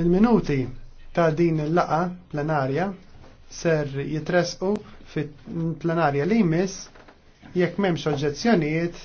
Il-minuti ta' din il-laqa plenarja ser jitresqu fit-plenarja li jmiss jekk m'hemmx oġġezzjonijiet